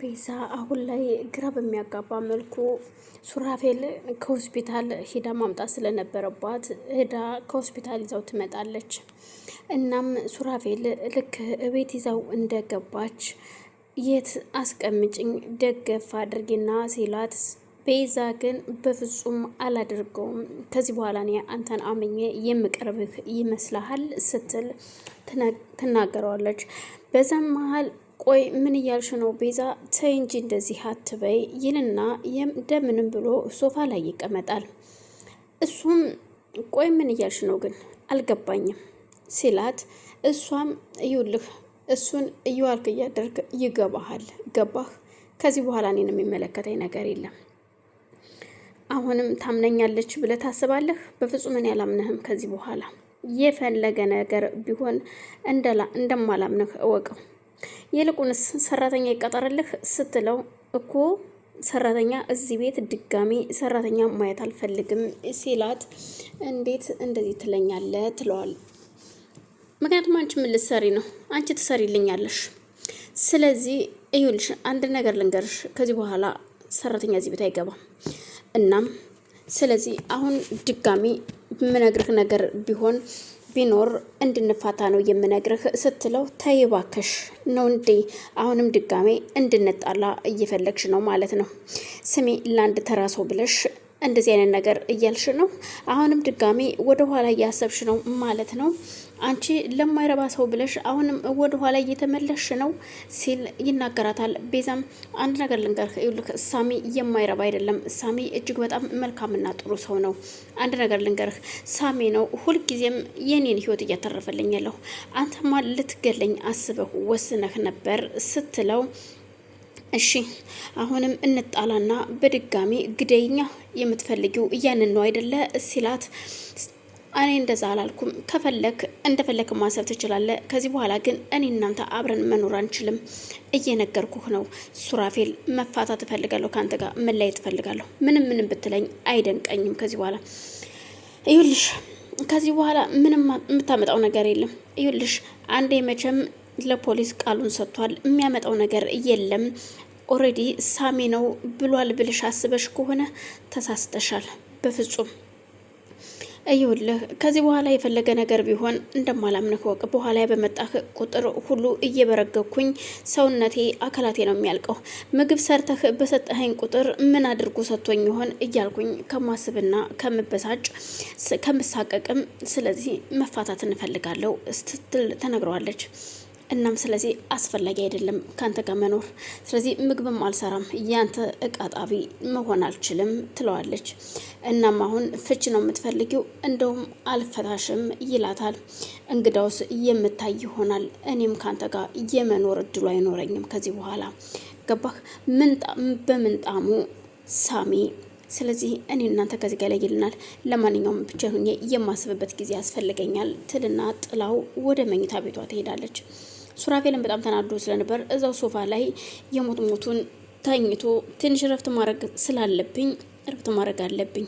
ቤዛ አሁን ላይ ግራ በሚያጋባ መልኩ ሱራፌል ከሆስፒታል ሄዳ ማምጣት ስለነበረባት ሂዳ ከሆስፒታል ይዛው ትመጣለች። እናም ሱራፌል ልክ እቤት ይዛው እንደገባች የት አስቀምጭኝ ደገፍ አድርጌና ሲላት ቤዛ ግን በፍጹም አላደርገውም፣ ከዚህ በኋላ እኔ አንተን አምኜ የምቀርብህ ይመስልሃል ስትል ትናገረዋለች። በዛም መሀል ቆይ ምን እያልሽ ነው ቤዛ? ተይ እንጂ እንደዚህ አትበይ ይልና ደምንም ብሎ ሶፋ ላይ ይቀመጣል። እሱም ቆይ ምን እያልሽ ነው ግን አልገባኝም ሲላት፣ እሷም እዩልህ እሱን እየዋልክ እያደርግ ይገባሃል፣ ገባህ? ከዚህ በኋላ እኔን የሚመለከተኝ ነገር የለም። አሁንም ታምነኛለች ብለህ ታስባለህ? በፍጹም እኔ አላምንህም። ከዚህ በኋላ የፈለገ ነገር ቢሆን እንደማላምነህ እወቀው። ይልቁንስ ሰራተኛ ይቀጠርልህ ስትለው እኮ ሰራተኛ እዚህ ቤት ድጋሚ ሰራተኛ ማየት አልፈልግም ሲላት፣ እንዴት እንደዚህ ትለኛለ ትለዋል። ምክንያቱም አንቺ ምን ልትሰሪ ነው? አንቺ ትሰሪልኛለሽ። ስለዚህ እዩልሽ፣ አንድ ነገር ልንገርሽ፣ ከዚህ በኋላ ሰራተኛ እዚህ ቤት አይገባም። እናም ስለዚህ አሁን ድጋሚ ምነግርህ ነገር ቢሆን ቢኖር እንድንፋታ ነው የምነግርህ ስትለው ተይባክሽ ነው እንዴ? አሁንም ድጋሜ እንድንጣላ እየፈለግሽ ነው ማለት ነው? ስሜ ለአንድ ተራሶ ብለሽ እንደዚህ አይነት ነገር እያልሽ ነው። አሁንም ድጋሜ ወደኋላ እያሰብሽ ነው ማለት ነው አንቺ ለማይረባ ሰው ብለሽ አሁንም ወደ ኋላ እየተመለሽ ነው ሲል ይናገራታል። ቤዛም አንድ ነገር ልንገርህ፣ ይኸውልህ ሳሚ የማይረባ አይደለም። ሳሚ እጅግ በጣም መልካምና ጥሩ ሰው ነው። አንድ ነገር ልንገርህ፣ ሳሚ ነው ሁልጊዜም የኔን ህይወት እያተረፈልኝ ያለሁ። አንተማ ልትገለኝ አስበህ ወስነህ ነበር ስትለው እሺ አሁንም እንጣላና በድጋሚ ግደኛ የምትፈልጊው እያንን ነው አይደለ? ሲላት እኔ እንደዛ አላልኩም። ከፈለክ እንደፈለክ ማሰብ ትችላለ። ከዚህ በኋላ ግን እኔ እናንተ አብረን መኖር አንችልም። እየነገርኩህ ነው ሱራፌል፣ መፋታት እፈልጋለሁ፣ ከአንተ ጋር ምላይ እፈልጋለሁ። ምንም ምንም ብትለኝ አይደንቀኝም። ከዚህ በኋላ እዩልሽ፣ ከዚህ በኋላ ምንም የምታመጣው ነገር የለም። እዩልሽ፣ አንዴ መቼም ለፖሊስ ቃሉን ሰጥቷል። የሚያመጣው ነገር የለም። ኦልሬዲ ሳሚ ነው ብሏል ብልሽ አስበሽ ከሆነ ተሳስተሻል በፍጹም ይኸውልህ ከዚህ በኋላ የፈለገ ነገር ቢሆን እንደማላምንህ ወቅ በኋላ በመጣህ ቁጥር ሁሉ እየበረገኩኝ ሰውነቴ አካላቴ ነው የሚያልቀው። ምግብ ሰርተህ በሰጠኸኝ ቁጥር ምን አድርጎ ሰጥቶኝ ይሆን እያልኩኝ ከማስብና ከምበሳጭ ከምሳቀቅም፣ ስለዚህ መፋታት እንፈልጋለሁ ስትል ተነግረዋለች። እናም ስለዚህ አስፈላጊ አይደለም ካንተ ጋር መኖር። ስለዚህ ምግብም አልሰራም ያንተ እቃ ጣቢ መሆን አልችልም ትለዋለች። እናም አሁን ፍች ነው የምትፈልጊው? እንደውም አልፈታሽም ይላታል። እንግዳውስ የምታይ ይሆናል። እኔም ካንተ ጋር የመኖር እድሉ አይኖረኝም ከዚህ በኋላ ገባህ? በምንጣሙ ሳሚ ስለዚህ እኔ እናንተ ከዚህ ጋር ይልናል ለማንኛውም ብቻ ሁኜ የማስብበት ጊዜ ያስፈልገኛል ትልና ጥላው ወደ መኝታ ቤቷ ትሄዳለች። ሱራፌልን በጣም ተናዶ ስለነበር እዛው ሶፋ ላይ የሞት ሞቱን ተኝቶ ትንሽ እረፍት ማድረግ ስላለብኝ እረፍት ማድረግ አለብኝ፣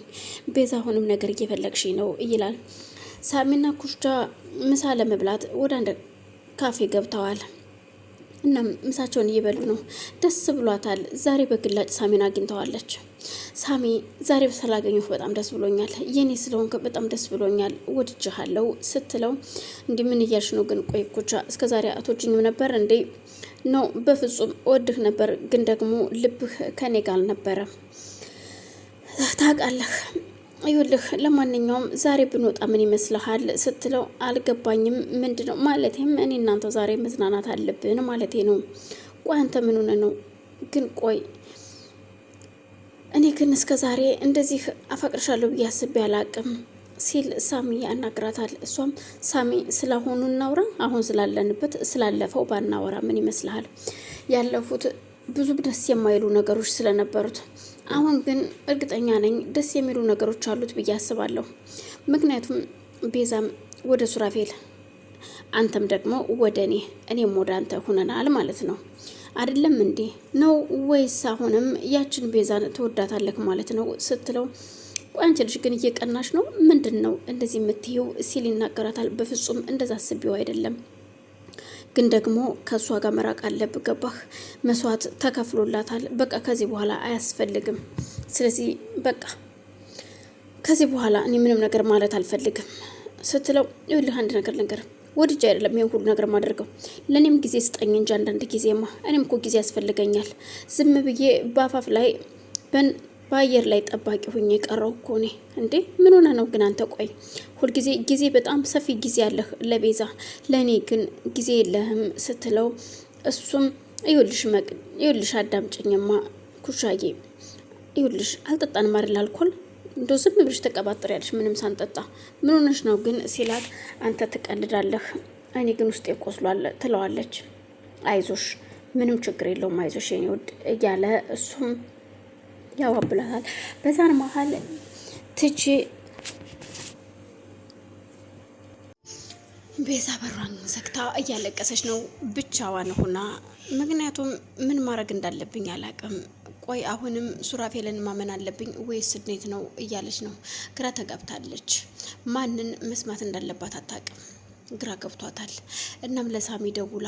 ቤዛ አሁንም ነገር እየፈለግሽ ነው ይላል። ሳሚና ኩሽቻ ምሳ ለመብላት ወደ አንድ ካፌ ገብተዋል። እናም ምሳቸውን እየበሉ ነው። ደስ ብሏታል። ዛሬ በግላጭ ሳሚን አግኝተዋለች። ሳሚ ዛሬ ስላገኘሁ በጣም ደስ ብሎኛል፣ የኔ ስለሆንክ በጣም ደስ ብሎኛል፣ ወድጄሃለሁ ስትለው እንዲህ ምን እያልሽ ነው ግን? ቆይ ኩቻ እስከ ዛሬ አቶችኝም ነበር እንዴ? ነው በፍጹም ወድህ ነበር፣ ግን ደግሞ ልብህ ከኔ ጋር አልነበረ ታውቃለህ ይኸውልህ ለማንኛውም ዛሬ ብንወጣ ምን ይመስልሃል? ስትለው አልገባኝም። ምንድን ነው ማለቴም፣ እኔ እናንተ ዛሬ መዝናናት አለብን ማለቴ ነው። ቆይ አንተ ምን ሆነ ነው ግን? ቆይ እኔ ግን እስከ ዛሬ እንደዚህ አፈቅርሻለሁ ብዬ አስቤ አላቅም ሲል ሳሚ ያናግራታል። እሷም ሳሚ ስለሆኑ እናውራ፣ አሁን ስላለንበት ስላለፈው ባናወራ ምን ይመስልሃል? ያለፉት ብዙ ደስ የማይሉ ነገሮች ስለነበሩት አሁን ግን እርግጠኛ ነኝ ደስ የሚሉ ነገሮች አሉት ብዬ አስባለሁ። ምክንያቱም ቤዛም ወደ ሱራፌል አንተም ደግሞ ወደ እኔ እኔም ወደ አንተ ሁነናል ማለት ነው። አይደለም እንዴ ነው ወይስ አሁንም ያችን ቤዛን ትወዳታለህ ማለት ነው ስትለው ቆይ አንቺ ልጅ ግን እየቀናሽ ነው ምንድን ነው እንደዚህ የምትይው ሲል ይናገራታል። በፍጹም እንደዛ ስቢው አይደለም ግን ደግሞ ከእሷ ጋር መራቅ አለብ። ገባህ? መስዋዕት ተከፍሎላታል። በቃ ከዚህ በኋላ አያስፈልግም። ስለዚህ በቃ ከዚህ በኋላ እኔ ምንም ነገር ማለት አልፈልግም ስትለው ይኸውልህ አንድ ነገር ልንገር ወድጃ አይደለም ይሄን ሁሉ ነገር ማደርገው ለእኔም ጊዜ ስጠኝ እንጂ አንዳንድ ጊዜማ እኔም እኮ ጊዜ ያስፈልገኛል ዝም ብዬ በአፋፍ ላይ በን በአየር ላይ ጠባቂ ሁኝ የቀረው እኮ እኔ እንዴ! ምን ሆነ ነው ግን አንተ? ቆይ ሁልጊዜ ጊዜ በጣም ሰፊ ጊዜ አለህ ለቤዛ፣ ለእኔ ግን ጊዜ የለህም ስትለው እሱም ይኸውልሽ መቅ ይኸውልሽ አዳምጭኝማ ኩሻዬ ይኸውልሽ አልጠጣንም አይደል አልኮል እንዶ ዝም ብለሽ ተቀባጥር ያለሽ ምንም ሳንጠጣ ምን ሆነሽ ነው ግን ሲላት አንተ ትቀልዳለህ እኔ ግን ውስጤ ቆስሏል ትለዋለች አይዞሽ ምንም ችግር የለውም አይዞሽ የኔ ውድ እያለ እሱም ያባብላታል። በዛን መሀል ትቼ ቤዛ በሯን ዘግታ እያለቀሰች ነው ብቻዋን ሆና። ምክንያቱም ምን ማድረግ እንዳለብኝ አላቅም። ቆይ አሁንም ሱራፌልን ማመን አለብኝ ወይስ እንዴት ነው እያለች ነው። ግራ ተጋብታለች። ማንን መስማት እንዳለባት አታቅም። ግራ ገብቷታል። እናም ለሳሚ ደውላ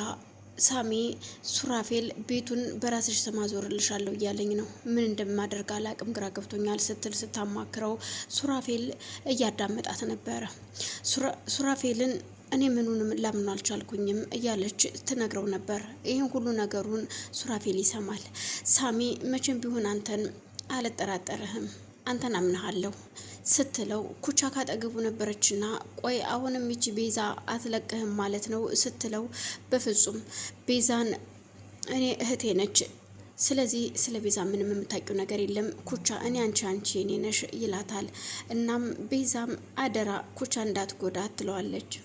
ሳሚ ሱራፌል ቤቱን በራስሽ ስም አዞርልሻለሁ እያለኝ ነው። ምን እንደማደርግ አላቅም፣ ግራ ገብቶኛል ስትል ስታማክረው ሱራፌል እያዳመጣት ነበረ። ሱራፌልን እኔ ምኑንም ላምን አልቻልኩኝም እያለች ትነግረው ነበር። ይህን ሁሉ ነገሩን ሱራፌል ይሰማል። ሳሚ መቼም ቢሆን አንተን አልጠራጠርህም፣ አንተን አምናሃለሁ ስትለው ኩቻ ካጠገቡ ነበረችና ቆይ አሁንም ይቺ ቤዛ አትለቅህም ማለት ነው ስትለው፣ በፍጹም ቤዛን እኔ እህቴ ነች። ስለዚህ ስለ ቤዛ ምንም የምታውቂው ነገር የለም ኩቻ፣ እኔ አንቺ አንቺ የኔ ነሽ ይላታል። እናም ቤዛም አደራ ኩቻ እንዳትጎዳ ትለዋለች።